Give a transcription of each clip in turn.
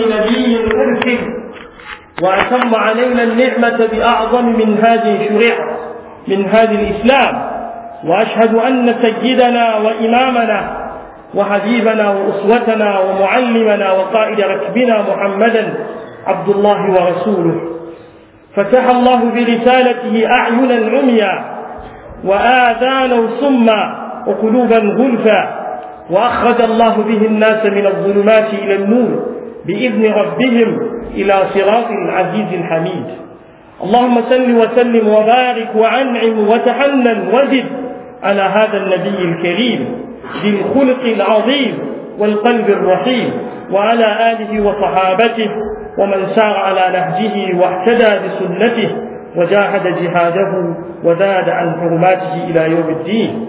نبي أرسل وأتم علينا النعمة بأعظم من هذه الشريعة من هذه الإسلام وأشهد أن سيدنا وإمامنا وحبيبنا وأسوتنا ومعلمنا وقائد ركبنا محمدا عبد الله ورسوله فتح الله برسالته أعينا عميا وآذانا صما وقلوبا غلفا وأخرج الله به الناس من الظلمات إلى النور بإذن ربهم إلى صراط العزيز الحميد اللهم سل وسلم وبارك وأنعم وتحنن وزد على هذا النبي الكريم ذي الخلق العظيم والقلب الرحيم وعلى آله وصحابته ومن سار على نهجه واهتدى بسنته وجاهد جهاده وزاد عن حرماته إلى يوم الدين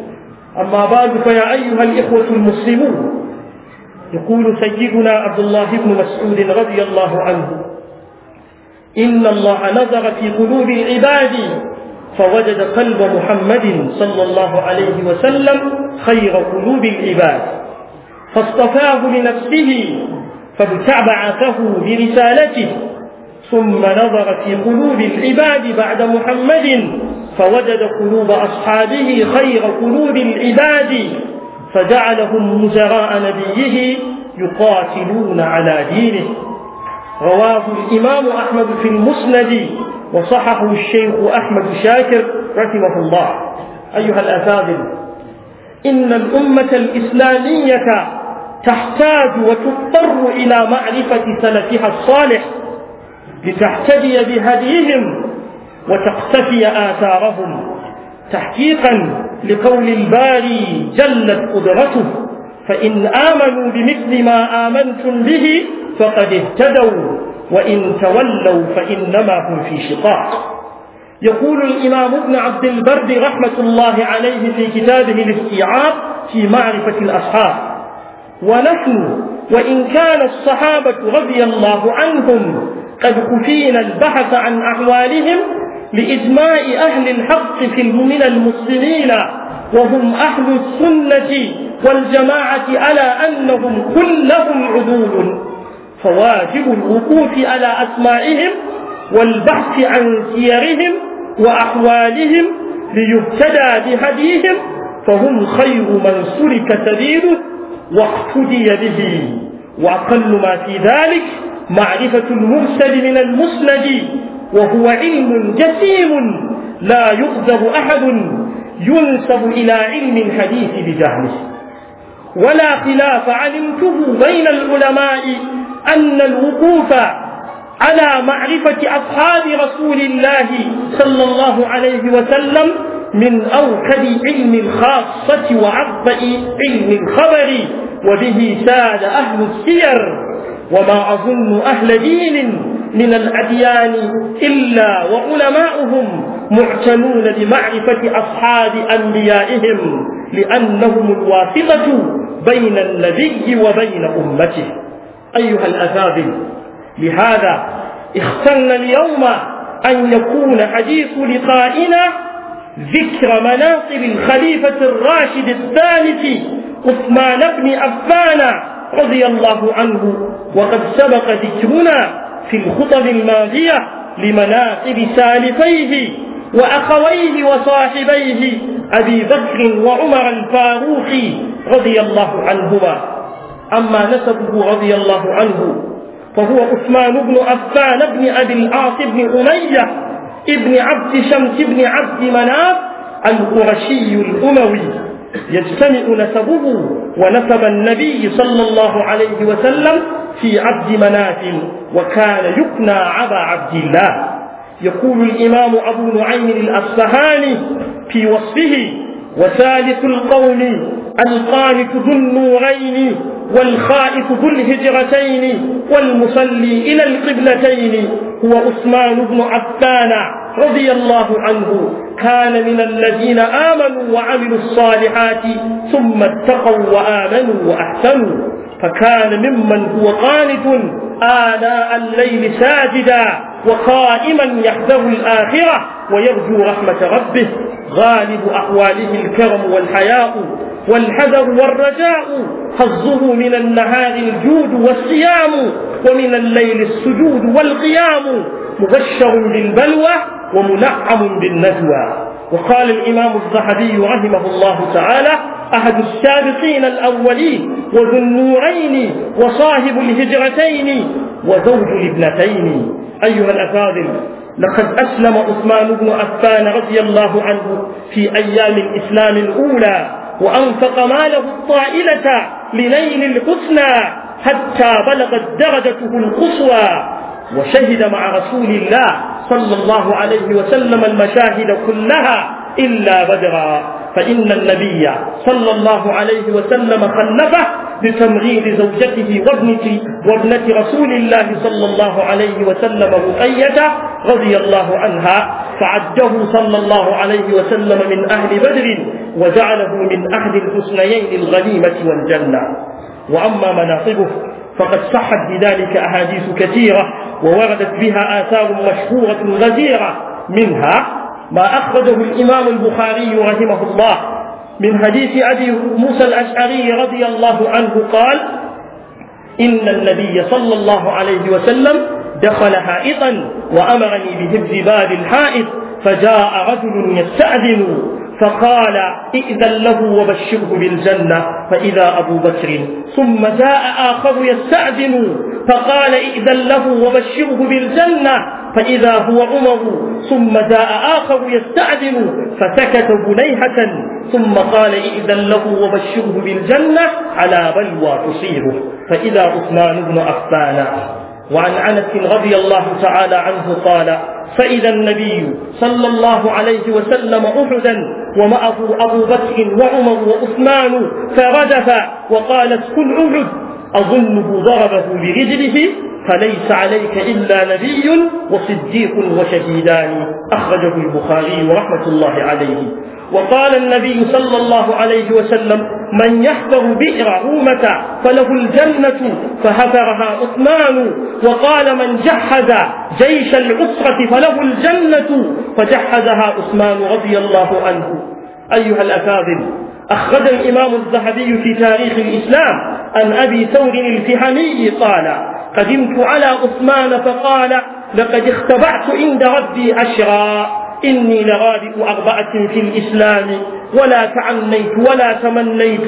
أما بعد فيا أيها الإخوة المسلمون يقول سيدنا عبد الله بن مسعود رضي الله عنه إن الله نظر في قلوب العباد فوجد قلب محمد صلى الله عليه وسلم خير قلوب العباد فاصطفاه لنفسه فابتعبعته برسالته ثم نظر في قلوب العباد بعد محمد فوجد قلوب أصحابه خير قلوب العباد فجعلهم مزراء نبيه يقاتلون على دينه رواه الإمام أحمد في المسند وصححه الشيخ أحمد شاكر رحمه الله أيها الأساتذة إن الأمة الإسلامية تحتاج وتضطر إلى معرفة سلفها الصالح لتحتدي بهديهم وتقتفي آثارهم تحقيقا لقول الباري جلت قدرته فإن آمنوا بمثل ما آمنتم به فقد اهتدوا وإن تولوا فإنما هم في شقاق يقول الإمام ابن عبد البر رحمة الله عليه في كتابه الاستيعاب في معرفة الأصحاب ونحن وإن كان الصحابة رضي الله عنهم قد أفينا البحث عن أحوالهم لإجماع أهل الحق في من المسلمين وهم أهل السنة والجماعة على أنهم كلهم عدول فواجب الوقوف على أسمائهم والبحث عن سيرهم وأحوالهم ليهتدى بهديهم فهم خير من سلك سبيله واقتدي به وأقل ما في ذلك معرفة المرسل من المسند وهو علم جسيم لا يغضب أحد ينسب إلى علم الحديث بجهله ولا خلاف علمته بين العلماء أن الوقوف على معرفة أصحاب رسول الله صلى الله عليه وسلم من أوكد علم الخاصة وعظم علم الخبر وبه ساد أهل السير وما أظن أهل دين من الأديان إلا وعلماؤهم معتنون بمعرفة أصحاب أنبيائهم لأنهم الواسطة بين النبي وبين أمته أيها الأساتذة لهذا اخترنا اليوم أن يكون حديث لقائنا ذكر مناقب الخليفة الراشد الثالث عثمان بن عفان رضي الله عنه وقد سبق ذكرنا في الخطب الماضية لمناقب سالفيه وأخويه وصاحبيه أبي بكر وعمر الفاروق رضي الله عنهما أما نسبه رضي الله عنه فهو عثمان بن عفان بن أبي العاص بن أمية ابن عبد شمس بن عبد مناف القرشي الأموي يجتمع نسبه ونسب النبي صلى الله عليه وسلم في عبد مناف وكان يكنى عبا عبد الله يقول الإمام أبو نعيم الأصفهاني في وصفه وثالث القول القانت ذو النورين والخائف ذو الهجرتين والمصلي إلى القبلتين هو عثمان بن عفان رضي الله عنه كان من الذين آمنوا وعملوا الصالحات ثم اتقوا وآمنوا وأحسنوا فكان ممن هو قانت آناء الليل ساجدا وقائما يحذر الآخرة ويرجو رحمة ربه غالب أحواله الكرم والحياء والحذر والرجاء حظه من النهار الجود والصيام ومن الليل السجود والقيام مبشر بالبلوى ومنعم بالنجوى وقال الإمام الذهبي رحمه الله تعالى أحد السابقين الأولين وذو النورين وصاحب الهجرتين وزوج الابنتين أيها الأفاضل لقد أسلم عثمان بن عفان رضي الله عنه في أيام الإسلام الأولى وأنفق ماله الطائلة لنيل الحسنى حتى بلغت درجته القصوى وشهد مع رسول الله صلى الله عليه وسلم المشاهد كلها إلا بدرا فإن النبي صلى الله عليه وسلم خلفه بتمرير زوجته وابنة وابنة رسول الله صلى الله عليه وسلم رقية رضي الله عنها فعده صلى الله عليه وسلم من أهل بدر وجعله من أهل الحسنيين الغنيمة والجنة وأما مناصبه فقد صحت بذلك أحاديث كثيرة ووردت بها آثار مشهورة غزيرة منها ما أخرجه الإمام البخاري رحمه الله من حديث أبي موسى الأشعري رضي الله عنه قال إن النبي صلى الله عليه وسلم دخل حائطا وأمرني بحفظ باب الحائط فجاء رجل يستأذن فقال ائذن له وبشره بالجنة فإذا أبو بكر ثم جاء آخر يستأذن فقال ائذن له وبشره بالجنة فإذا هو عمر ثم جاء آخر يستعذر فسكت بنيهة ثم قال إئذن له وبشره بالجنة على بلوى تصيبه فإذا عثمان بن عفان وعن أنس رضي الله تعالى عنه قال فإذا النبي صلى الله عليه وسلم أحدا ومعه أبو بكر وعمر وعثمان فردف وقالت كل أحد أظنه ضربه برجله فليس عليك إلا نبي وصديق وشهيدان أخرجه البخاري ورحمة الله عليه وقال النبي صلى الله عليه وسلم من يحفر بئر عومة فله الجنة فهفرها عثمان وقال من جحد جيش العسرة فله الجنة فجحدها عثمان رضي الله عنه أيها الأكاذب أخرج الإمام الذهبي في تاريخ الإسلام عن أبي ثور الفهمي قال قدمت على عثمان فقال لقد اختبعت عند ربي عشرا إني لغادر أربعة في الإسلام ولا تعنيت ولا تمنيت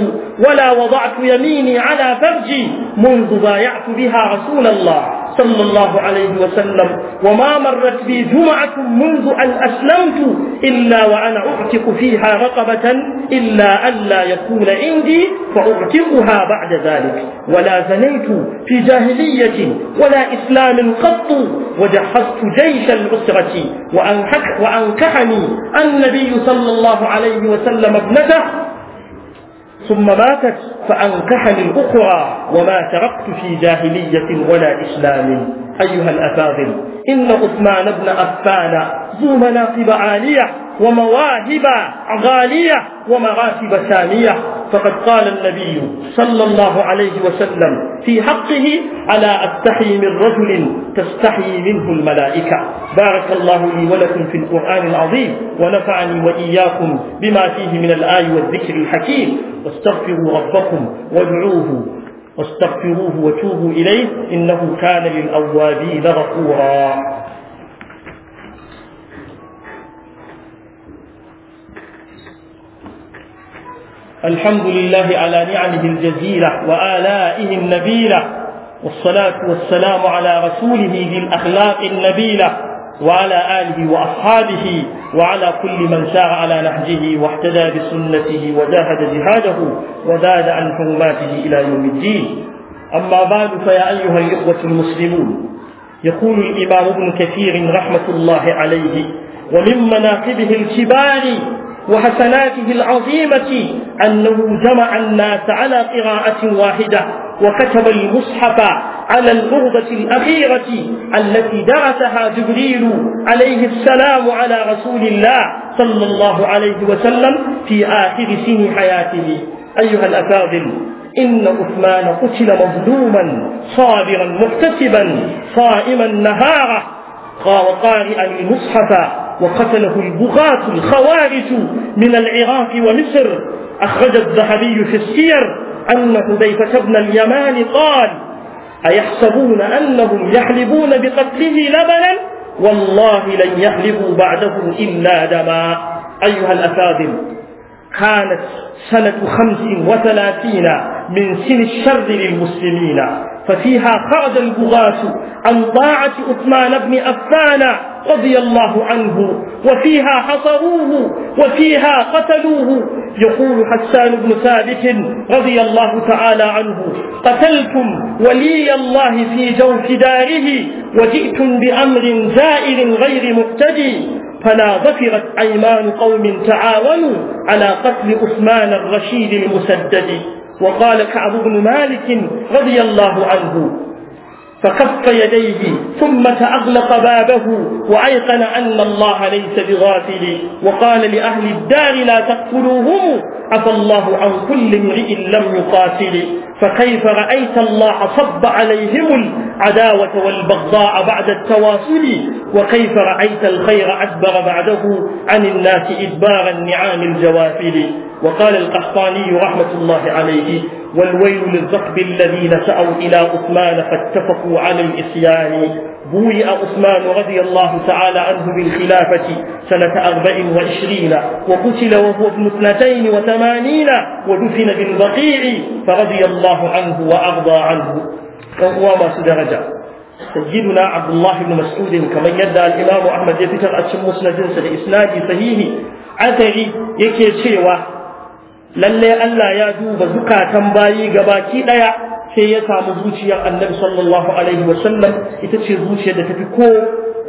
ولا وضعت يميني على فرجي منذ بايعت بها رسول الله صلى الله عليه وسلم وما مرت بي جمعة منذ أن أسلمت إلا وأنا أعتق فيها رقبة إلا ألا يكون عندي فأعتقها بعد ذلك ولا زنيت في جاهلية ولا إسلام قط وجهزت جيش الأسرة وأنكحني النبي صلى الله عليه وسلم ابنته ثم ماتت فأنكحني الأخرى وما تركت في جاهلية ولا إسلام أيها الأفاضل إن عثمان بن عفان ذو مناقب عالية ومواهب غالية ومراتب سامية فقد قال النبي صلى الله عليه وسلم في حقه ألا أستحي من رجل تستحي منه الملائكة بارك الله لي ولكم في القرآن العظيم ونفعني وإياكم بما فيه من الآي والذكر الحكيم واستغفروا ربكم وادعوه واستغفروه وتوبوا إليه إنه كان للأوابين غفورا الحمد لله على نعمه الجزيلة وآلائه النبيلة والصلاة والسلام على رسوله ذي الأخلاق النبيلة وعلى آله وأصحابه وعلى كل من سار على نهجه واحتدى بسنته وجاهد جهاده وزاد عن حرماته إلى يوم الدين أما بعد فيا أيها الإخوة المسلمون يقول الإمام ابن كثير رحمة الله عليه ومن مناقبه الكبار وحسناته العظيمة أنه جمع الناس على قراءة واحدة وكتب المصحف على الغربة الأخيرة التي درسها جبريل عليه السلام على رسول الله صلى الله عليه وسلم في آخر سن حياته أيها الأفاضل إن عثمان قتل مظلوما صابرا محتسبا صائما نهاره قارئا المصحف وقتله البغاة الخوارج من العراق ومصر أخرج الذهبي في السير أن حذيفة بن اليمان قال أيحسبون أنهم يحلبون بقتله لبنا والله لن يحلبوا بعده إلا دما أيها الأفاضل كانت سنة خمس وثلاثين من سن الشر للمسلمين ففيها خرج البغاة عن طاعة عثمان بن عفان رضي الله عنه وفيها حصروه وفيها قتلوه يقول حسان بن ثابت رضي الله تعالى عنه قتلتم ولي الله في جوف داره وجئتم بأمر زائر غير مقتدي فلا ظفرت أيمان قوم تعاونوا على قتل عثمان الرشيد المسدد وقال كعب بن مالك رضي الله عنه فكف يديه ثم تأغلق بابه وأيقن أن الله ليس بغافل وقال لأهل الدار لا تقتلوهم عفى الله عن كل امرئ لم يقاتل فكيف رأيت الله صب عليهم العداوة والبغضاء بعد التواصل وكيف رأيت الخير أدبر بعده عن الناس إدبار النعام الجوافل وقال القحطاني رحمة الله عليه والويل للركب الذين سأوا إلى أثمان فاتفقوا على الإسيان بوئ أثمان رضي الله تعالى عنه بالخلافة سنة أربع وعشرين وقتل وهو ابن اثنتين وثمانين ودفن بالبقيع فرضي الله عنه وأرضى عنه وهو ما درجة سيدنا عبد الله بن مسعود كما يدعى الإمام أحمد يفتر أتشم مسند سنة إسنادي صحيح عتري يكي شيوا lalle Allah ya duba zukatan bayi gabaki daya sai ya samu zuciyar annabi sallallahu alaihi wasallam ita ce zuciyar da tafi ko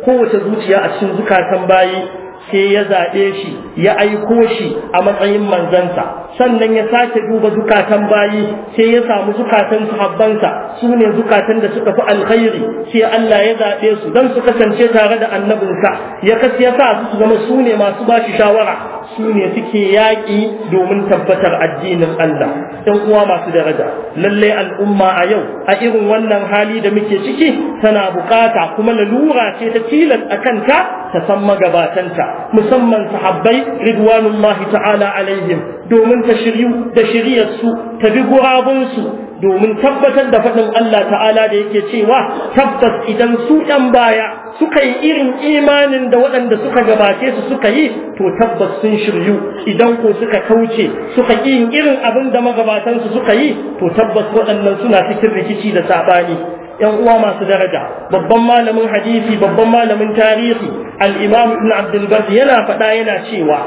kowace zuciya a cikin zukatan bayi sai ya zaɓe shi ya aiko shi a matsayin manzansa sannan ya sake duba zukatan bayi sai ya samu zukatan sahabbansa su ne zukatan da suka fi alkhairi sai Allah ya zaɓe su don su kasance tare da annabinsa ya ya sa su zama su ne masu bashi shawara su ne suke yaƙi domin tabbatar addinin Allah Don uwa masu daraja lallai al'umma a yau a irin wannan hali da muke ciki tana buƙata kuma lalura ce ta tilas a kanta ta san magabatanta musamman sahabbai ridwanullahi ta'ala alaihim domin ta shiryu da shiryar su ta bi gurabunsu domin tabbatar da faɗin Allah ta'ala da yake cewa tabbas idan su ɗan baya suka yi irin imanin da waɗanda suka gabace su suka yi to tabbas sun shiryu idan ko suka kauce suka yi irin abin da magabatansu suka yi to tabbas waɗannan suna cikin rikici da saɓani yan uwa masu daraja babban malamin hadisi babban malamin tarihi al-imam ibn abdul yana faɗa yana cewa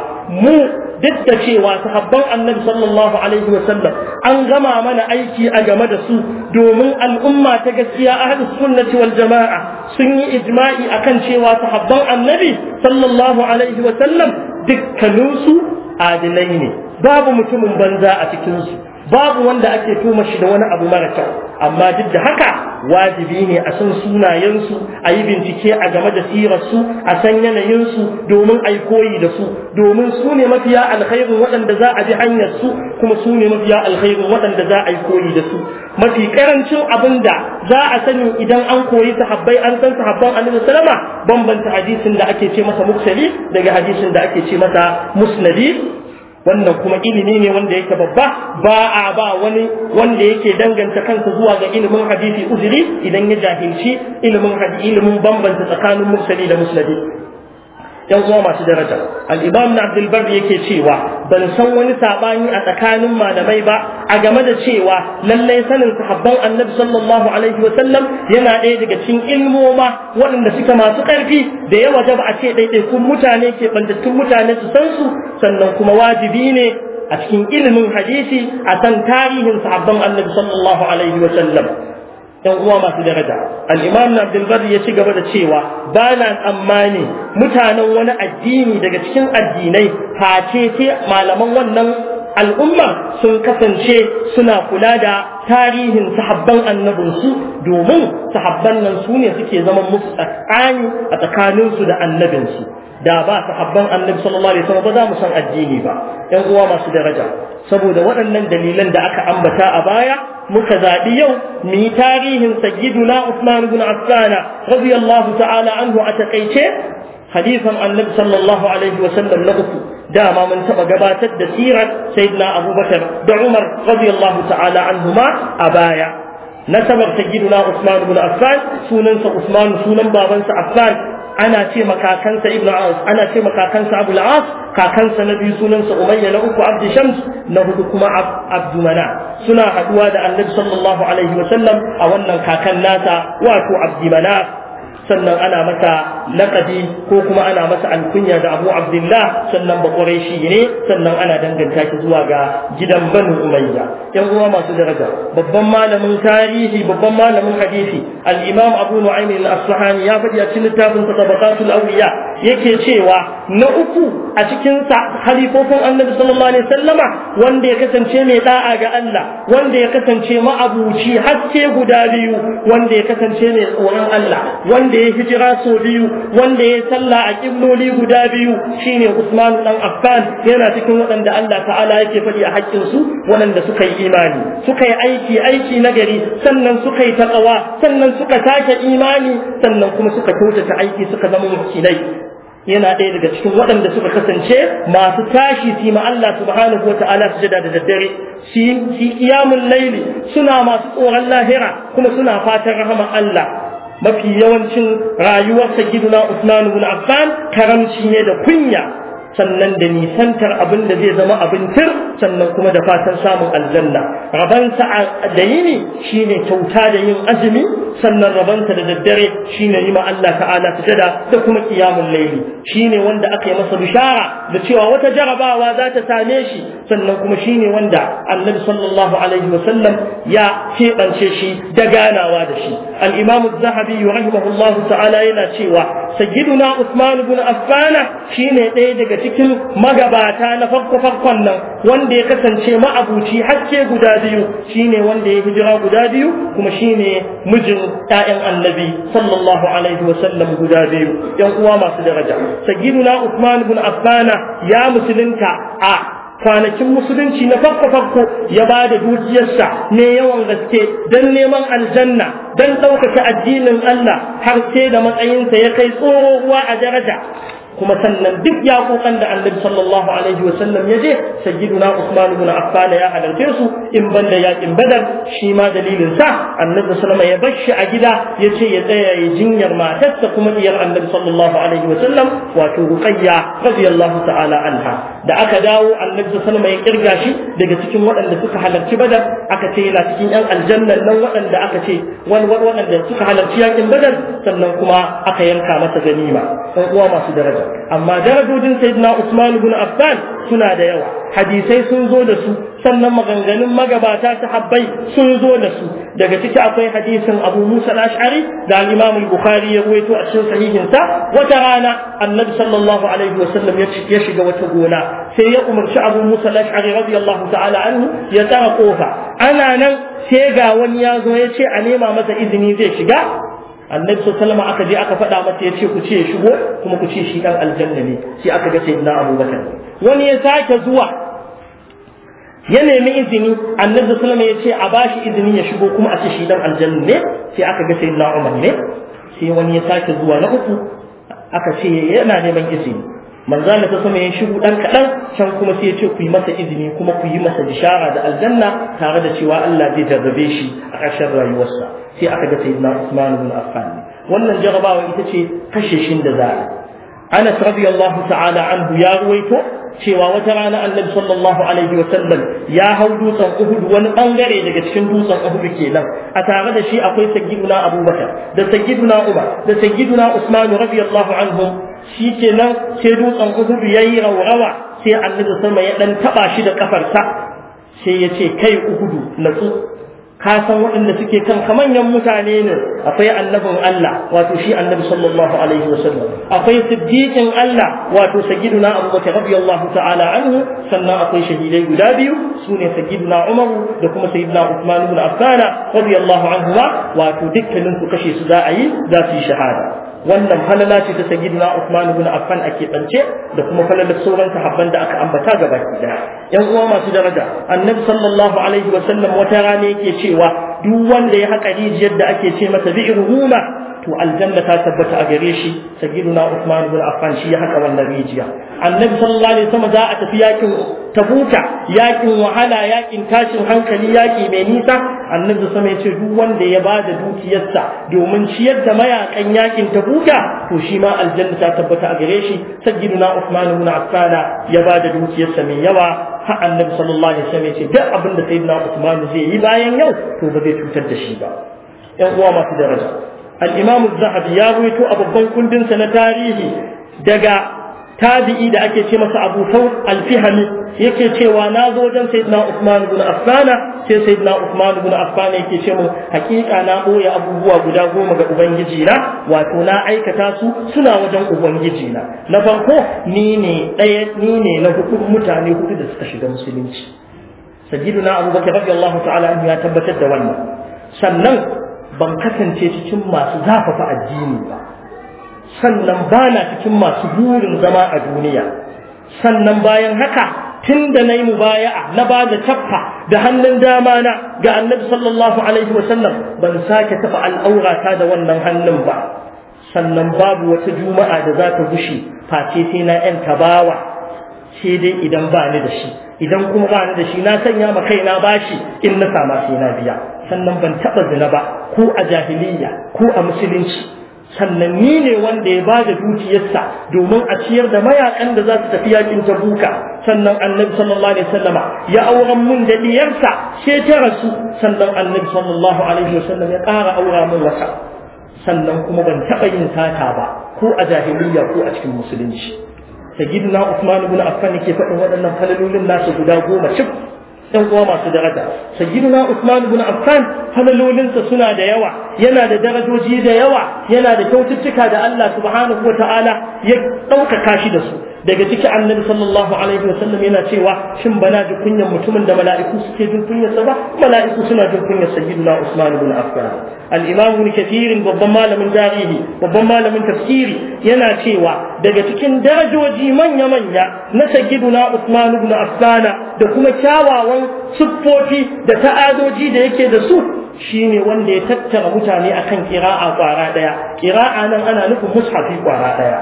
mu duk da cewa sahabban annabi sallallahu alaihi wa sallam an gama mana aiki a game da su domin al'umma ta gaskiya ahlus sunnati wal jama'a sun yi ijma'i akan cewa sahabban annabi sallallahu alaihi wa sallam dukkaninsu adilai ne babu mutumin banza a cikinsu babu wanda ake tuma shi da wani abu mara kyau amma duk da haka wajibi ne a san sunayensu a yi bincike a game da sirarsu a san yanayinsu domin a yi koyi da su domin su ne mafiya alkhairun waɗanda za a bi hanyarsu kuma su ne mafiya alkhairun waɗanda za a yi koyi da su mafi karancin abin da za a sani idan an koyi sahabbai an san sahabban annabi sallama bambanta hadisin da ake ce masa muksali daga hadisin da ake ce masa musnadi wannan kuma ilimi ne wanda yake babba ba a ba wani wanda yake danganta kansa zuwa ga ilimin hadisi uzuri idan ya jahilci ilimin ilimin bambanta tsakanin mursali da muslimi yan uwa masu daraja al-imam na abdul yake cewa ban san wani sabani a tsakanin malamai ba a game da cewa lallai sanin sahabban annabi sallallahu alaihi wa sallam yana ɗaya daga cikin ilmoma waɗanda suka masu ƙarfi da yawa ba a ce ɗaiɗaikun mutane ke bandattun mutane su san su sannan kuma wajibi ne a cikin ilimin hadisi a san tarihin sahabban annabi sallallahu alaihi wa sallam yan uwa masu daraja alimam na abdul ya ci gaba da cewa ba na tsammani mutanen wani addini daga cikin addinai face ce malaman wannan al'umma sun kasance suna kula da tarihin sahabban annabinsu domin sahabban nan su ne suke zama musu tsakani a tsakaninsu da annabinsu da ba sahabban annabi sallallahu alaihi wasallam ba za mu san addini ba ɗan uwa masu daraja saboda waɗannan dalilan da aka ambata a baya muka zaɓi yau mu yi tarihin sayyiduna Usman ibn Affan radiyallahu ta'ala anhu a takaice hadisan annabi sallallahu alaihi wasallam na uku dama mun taɓa gabatar da sirar sayyidina abubakar da umar radiyallahu ta'ala anhuma a baya nasabar ta giduna usman ibn affan sunansa usman sunan babansa affan ana ce makakansa ibn aus ana ce makakansa abu al-as kakansa na biyu sunansa umayya na uku abdu shams na hudu kuma abdu mana suna haduwa da annabi sallallahu alaihi wa sallam a wannan kakan nasa wato abdu mana sannan ana masa laƙabi ko kuma ana masa alkunya da abu abdullah sannan bakwarai shi ne sannan ana danganta shi zuwa ga gidan banu umayya yan uwa masu daraja babban malamin tarihi babban malamin hadisi al-imam abu nu'aym al-asfahani ya faɗi a cikin littafin tabaqatul awliya yake cewa na uku a cikin halifofin annabi sallallahu alaihi sallama, wanda ya kasance mai da'a ga Allah wanda ya kasance ma'abuci haske guda biyu wanda ya kasance mai tsoron Allah wanda ya hijira so biyu wanda ya sallah a kibloli guda biyu shine Usman dan Affan yana cikin waɗanda Allah ta'ala yake faɗi a haƙƙin su waɗanda suka yi imani suka yi aiki aiki na gari sannan suka yi taqwa sannan suka sake imani sannan kuma suka kyautata aiki suka zama mukinai yana ɗaya daga cikin waɗanda suka kasance masu tashi su ma Allah subhanahu ta'ala su jada da daddare su yi iyamun laili suna masu tsoron lahira kuma suna fatan rahama Allah mafi yawancin rayuwar giduna, Usman ibn Affan karamci ne da kunya sannan da nisantar abin da zai zama abin tir sannan kuma da fatan samun aljanna rabansa da yini shine kyauta da yin azumi sannan rabansa da daddare shine yi ma Allah ta'ala sujada da kuma qiyamul layli shine wanda aka yi masa bishara da cewa wata jarabawa za ta same shi sannan kuma shine wanda Annabi sallallahu alaihi wasallam ya keɓance shi da ganawa da shi al-Imam az-Zahabi rahimahullahu ta'ala yana cewa sayyiduna Usman ibn Affan shine ɗaya daga cikin magabata na farko farkon nan wanda ya kasance ma'abuci hakke guda biyu shine wanda ya hijira guda biyu kuma shine mijin ɗayan Annabi sallallahu alaihi wa sallam guda biyu yan uwa masu daraja sayyiduna Usman ibn Affan ya musulunta a kwanakin musulunci na farko farko ya ba da dukiyarsa ne yawan gaske don neman aljanna don ɗaukaka addinin Allah har sai da matsayinsa ya kai tsoro ruwa a daraja kuma sannan duk yaƙoƙan da annabi sallallahu alaihi wa sallam ya je sayyiduna Usman ibn Affan ya halarce su in banda yaƙin Badar shi ma dalilin sa annabi sallama ya bashi a gida ya ce ya tsaya ya jinyar matarsa kuma iyar annabi sallallahu alaihi wa sallam wato Ruqayya radiyallahu ta'ala anha da aka dawo annabi sallama ya kirga shi daga cikin waɗanda suka halarci Badar aka ce yana cikin yan aljanna nan waɗanda aka ce wani waɗanda suka halarci yaƙin Badar sannan kuma aka yanka masa ganima ɗan uwa masu daraja amma darajojin sayyidina Usman ibn Affan suna da yawa hadisai sun zo da su sannan maganganun magabata sahabbai sun zo da su daga ciki akwai hadisin Abu Musa al-Ash'ari da al-Imam al-Bukhari ya ruwaito a cikin sahihin sa wata rana Annabi sallallahu alaihi wasallam ya shiga wata gona sai ya umarci Abu Musa al-Ash'ari radiyallahu ta'ala anhu ya tsara kofa ana nan sai ga wani ya zo ya ce a nema masa izini zai shiga annabi sallallahu aka je aka faɗa mata ya ce ku ce shigo kuma ku ce shi dan aljanna ne sai aka ga sayyidina abubakar wani ya sake zuwa ya nemi izini annabi sallallahu ya ce a bashi izini ya shigo kuma a ce shi dan aljanna ne sai aka ga sayyidina umar ne sai wani ya sake zuwa na uku aka ce yana neman izini manzo Allah ta sama ya shigo dan kadan can kuma sai ya ce ku yi masa izini kuma ku yi masa bishara da aljanna tare da cewa Allah zai jazabe shi a ƙarshen rayuwarsa sai aka ga sayyidina Usman ibn Affan wannan jarabawa ita ce kashishin da za Anas radiyallahu ta'ala anhu ya ruwaito cewa wata rana Annabi sallallahu alaihi wa sallam ya hau dutsen Uhud wani bangare daga cikin dutsen Uhud kenan a tare da shi akwai sayyidina Abubakar da sayyidina Umar da sayyidina Usman radiyallahu anhum shi kenan sai dutsen Uhud yayi rawawa sai Annabi sallallahu ya dan taba shi da kafarsa sai ya ce kai Uhud natsu ka san waɗanda suke kan manyan mutane ne akwai annabin Allah wato shi annabi sallallahu alaihi wasallam akwai siddiqin Allah wato sayyiduna Abu Bakar radiyallahu ta'ala anhu sannan akwai shahidai guda biyu sune sayyiduna Umar da kuma sayyiduna Uthman ibn Affan radiyallahu anhu wato dukkanin ku kashe su za a yi za su yi shahada wannan falala ce ta sayyidina Uthman ibn Affan ake tsance da kuma falalar sauran sahabban da aka ambata gaba ɗaya yan uwa masu daraja annabi sallallahu alaihi wa sallam wata rana yake cewa duk wanda ya haƙa rijiyar da ake ce masa bi'ir huma to aljanna ta tabbata a gare shi sayyiduna Uthman ibn Affan shi ya haka wannan rijiya annabi sallallahu alaihi wasallam za a tafi yakin tabuka yakin wahala yakin tashin hankali yaki mai nisa annabi sallallahu ya ce duk wanda ya bada dukiyarsa domin ciyar da mayakan yakin tabuka to shi ma aljanna ta tabbata a gare shi sayyiduna Uthman ibn Affan ya bada dukiyarsa mai yawa har annabi sallallahu alaihi wasallam ya ce duk abin da sayyiduna Uthman zai yi bayan yau to ba zai cutar da shi ba yan uwa masu daraja al-imam az-zahabi ya ruwaito a babban kundin sa na tarihi daga tabi'i da ake ce masa abu faur al-fihami yake cewa na zo wajen sayyidina usman ibn affan sai sayyidina usman ibn affan yake ce mu hakika na boye abubuwa guda goma ga ubangiji na wato na aikata su suna wajen ubangiji na na farko ni ne ɗaya ni ne na hukum mutane hudu da suka shiga musulunci sayyidina abubakar radiyallahu ta'ala ya tabbatar da wannan sannan ban kasance cikin masu zafafa addini ba sannan ba na cikin masu burin zama a duniya sannan bayan haka tun da na yi mubaya'a na ba da caffa da hannun dama na ga annabi sallallahu alaihi wasallam ban sake taɓa al'aurata da wannan hannun ba sannan babu wata juma'a da za ta gushe face sai na ‘yan tabawa sai dai idan ba ni da shi idan kuma ba ni da shi na sanya ma kaina bashi in na sama sai na biya sannan ban taɓa zina ba ko a jahiliya ko a musulunci sannan ni ne wanda ya bada dukiyarsa domin a ciyar da mayakan da za su tafi yakin tabuka sannan annabi sallallahu alaihi wasallama ya auren mun da diyarsa ce ta rasu sannan annabi sallallahu alaihi wasallam ya ƙara aura mun wata sannan kuma ban taɓa yin sata ba ko a jahiliya ko a cikin musulunci sayyidina Usman ibn Affan ke faɗin waɗannan falalolin nasu guda goma cif ɗan uwa masu daraja sayyiduna Usman ibn Affan halalolinsa suna da yawa yana da darajoji da yawa yana da kyaututtuka da Allah subhanahu wa ta'ala ya ɗaukaka shi da su daga ciki annabi sallallahu alaihi wasallam yana cewa shin bana ji kunyan mutumin da mala'iku suke jin kunyarsa ba mala'iku suna jin kunyar sayyidina Usman ibn Affan al-Imam Ibn Kathir babban malamin tarihi babban malamin tafsiri yana cewa daga cikin darajoji manya manya na sayyidina Usman ibn Affan da kuma kyawawan siffofi da ta'adoji da yake da su shine wanda ya tattara mutane akan kira'a kwara daya kira'a nan ana nufin mushafi kwara daya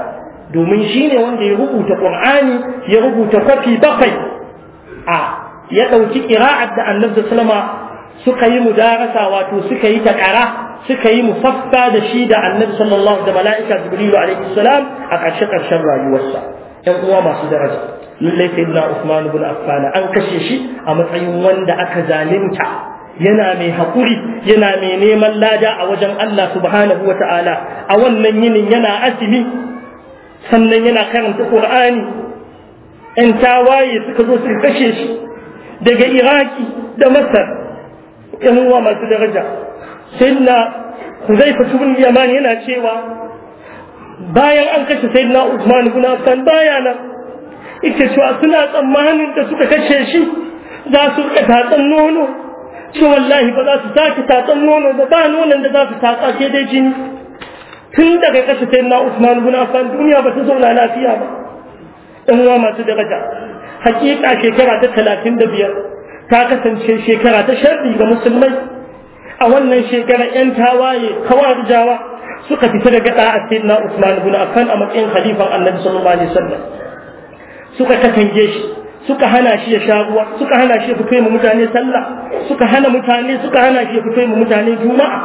domin shi ne wanda ya rubuta ƙur'ani ya rubuta kwafi bakwai a ya ɗauki ƙira'ar da annabda salama suka yi mudarasa wato suka yi takara suka yi mufaffa da shi da annabi sallallahu da mala'ika jibrilu alaihi salam a ƙarshe ƙarshen rayuwarsa ƴan uwa masu daraja lallai na usman ibn affan an kashe shi a matsayin wanda aka zalunta yana mai haƙuri yana mai neman lada a wajen Allah subhanahu wa ta'ala a wannan yinin yana azumi sannan yana karanta qur'ani yan tawaye suka zo suka kashe shi daga iraki da masar yanuwa masu daraja Zai huzaifa ibn yaman yana cewa bayan an kashe sayyidina usman ibn affan baya nan ita cewa suna tsammanin da suka kashe shi za su rika tatsan nono ce wallahi ba za su sake tatsan nono ba ba nonon da za su tatsa sai dai jini tun daga kashe sai na Usman bin Affan duniya ba ta zauna lafiya ba ɗan uwa masu daraja hakika shekara ta talatin da biyar ta kasance shekara ta sharri ga musulmai a wannan shekara 'yan tawaye kawar suka fita daga a sai na Usman bin Affan a matsayin khalifan Annabi sallallahu alaihi wasallam suka katange shi suka hana shi ya sha ruwa suka hana shi ya fito mu mutane sallah suka hana mutane suka hana shi ya fito mu mutane juma'a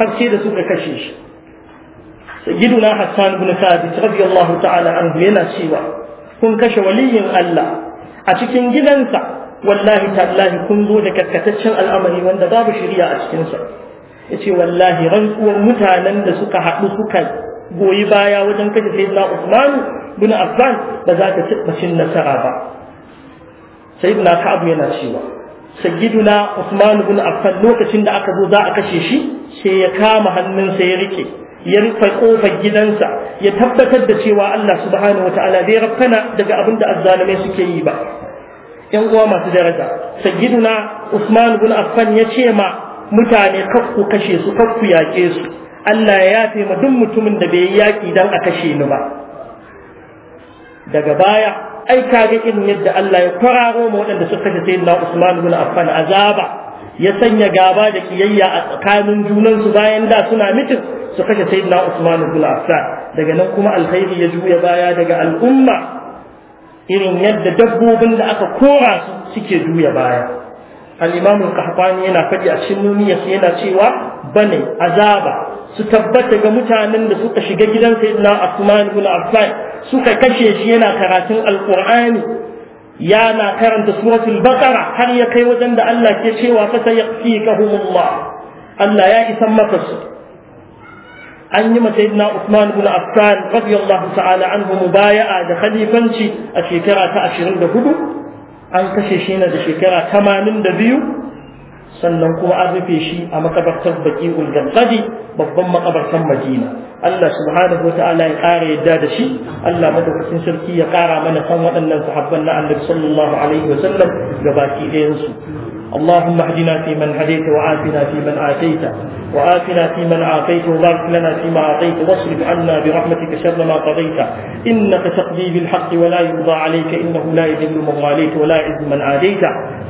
har sai da suka kashe shi سيدنا حسان بن ثابت رضي الله تعالى عنه ينا سيوا كن كش ولي الله أتكن جدن سا والله تالله كن زوجة كتتشن الأمر وان دباب شريعة أتكن سا إتي والله غنس ومتانا دسك حق سكا بوي بايا وجن كج سيدنا عثمان بن أفان بذات تقبة النسرى با سيدنا كعب ينا سيوا سيدنا عثمان بن أفان لوكتن دعك بوزاء كشيشي سيكام هنن سيريكي ya rufe kofar gidansa ya tabbatar da cewa Allah subhanahu wataala zai rafkana daga abin da azzalumai suke yi ba yan uwa masu daraja sayyiduna Usman bin Affan ya ce ma mutane kakku kashe su kakku yaƙe su Allah ya yafe ma duk mutumin da bai yi yaƙi dan a kashe ni ba daga baya ai ka ga irin yadda Allah ya kwararo ma waɗanda suka kashe sayyiduna Usman bin Affan azaba ya sanya gaba da kiyayya a tsakanin junansu bayan da suna mitin su kashe sayyidina Usman ibn Affan daga nan kuma alkhairi ya juya baya daga al'umma irin yadda dabbobin da aka kora su suke juya baya al-Imam al-Qahtani yana faɗi a cikin nuniyarsa yana cewa bane azaba su tabbata ga mutanen da suka shiga gidan sayyidina Usman ibn Affan suka kashe shi yana karatun alqur'ani yana karanta suratul baqara har ya kai wajen da Allah ke cewa fa sayaqfikahumullah Allah ya isan maka su an yi ma sayyidina Usman ibn Affan radiyallahu ta'ala anhu mubaya'a da khalifanci a shekara ta 24 an kashe shi na da shekara 82 sannan kuma an rufe shi a makabartar baki ulgangadi babban makabartar Madina Allah subhanahu wa ta'ala ya ƙara yadda da shi Allah madaukakin sarki ya ƙara mana san waɗannan sahabban na Annabi sallallahu alaihi wa sallam gabaki ɗayan su اللهم اهدنا في من هديت وعافنا في من عافيت وعافنا في من عافيت وبارك لنا فيما أعطيت واصرف عنا برحمتك شر ما قضيت إنك تقضي بالحق ولا يرضى عليك إنه لا يذل من واليت ولا يعز من عاديت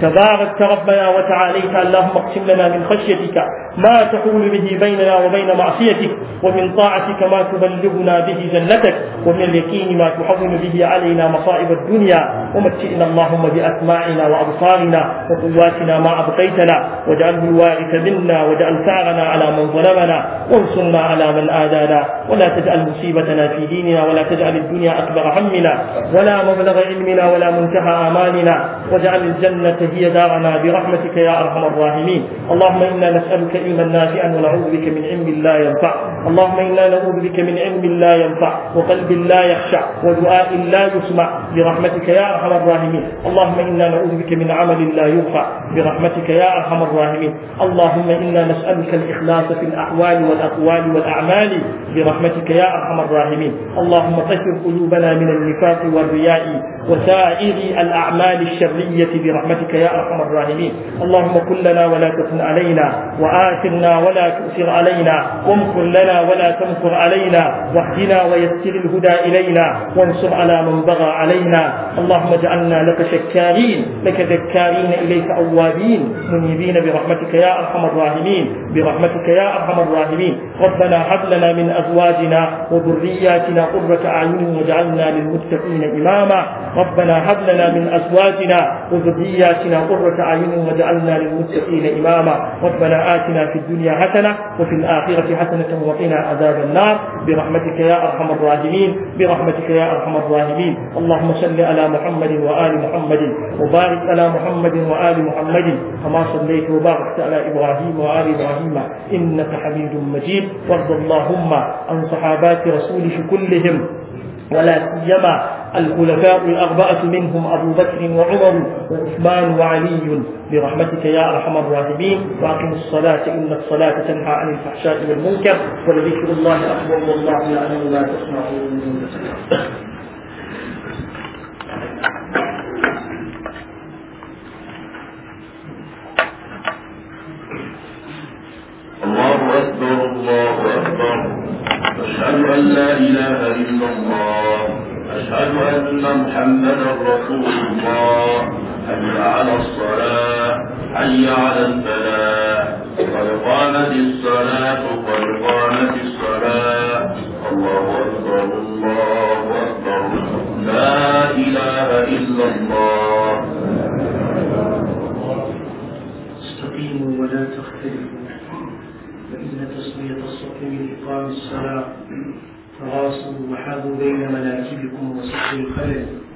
تباركت ربنا وتعاليت اللهم اقسم لنا من خشيتك ما تحول به بيننا وبين معصيتك ومن طاعتك ما تبلغنا به جنتك ومن اليقين ما تحول به علينا مصائب الدنيا ومتئنا اللهم بأسماعنا وأبصارنا وقواتنا ما أبقيتنا واجعله الوارث منا واجعل ثارنا على من ظلمنا وانصرنا على من آذانا ولا تجعل مصيبتنا في ديننا ولا تجعل الدنيا أكبر همنا ولا مبلغ علمنا ولا منتهى آمالنا واجعل الجنة هي دارنا برحمتك يا أرحم الراحمين اللهم إنا نسألك علما نافعا ونعوذ بك من علم لا ينفع اللهم إنا نعوذ بك من علم لا ينفع وقلب لا يخشع ودعاء لا يسمع برحمتك يا أرحم الراحمين اللهم إنا نعوذ بك من عمل لا ينفع برحمتك يا أرحم الراحمين اللهم إنا نسألك الإخلاص في الأحوال والأقوال والأعمال برحمتك يا أرحم الراحمين اللهم طهر قلوبنا من النفاق والرياء وسائر الأعمال الشرية برحمتك يا أرحم الراحمين اللهم كلنا ولا تكن علينا وآل آثرنا ولا تؤثر علينا وامكر لنا ولا تمكر علينا واهدنا ويسر الهدى إلينا وانصر على من بغى علينا اللهم اجعلنا لك شكارين لك ذكارين إليك أوابين منيبين برحمتك يا أرحم الراحمين برحمتك يا أرحم الراحمين ربنا هب لنا من أزواجنا وذرياتنا قرة أعين واجعلنا للمتقين إماما ربنا هب لنا من أزواجنا وذرياتنا قرة أعين واجعلنا للمتقين إماما ربنا آتنا في الدنيا حسنة وفي الآخرة حسنة وقنا عذاب النار برحمتك يا أرحم الراحمين برحمتك يا أرحم الراحمين اللهم صل على محمد وآل محمد وبارك على محمد وآل محمد كما صليت وباركت على إبراهيم وآل إبراهيم إنك حميد مجيد وارض اللهم عن صحابات رسولك كلهم ولا سيما الخلفاء الأربعة منهم أبو بكر وعمر وعثمان وعلي برحمتك يا أرحم الراحمين وأقم الصلاة إن الصلاة تنهى عن الفحشاء والمنكر ولذكر الله أكبر والله يعلم ما تصنعون أشهد أن محمدا رسول الله حي على الصلاة حي على الفلاح قد قامت الصلاة قد قامت الصلاة الله أكبر الله أكبر لا إله إلا الله استقيموا ولا تختلفوا فإن تسمية الصف من إقام الصلاة فواصلوا وحاذوا بين مناكبكم وسحر الخلل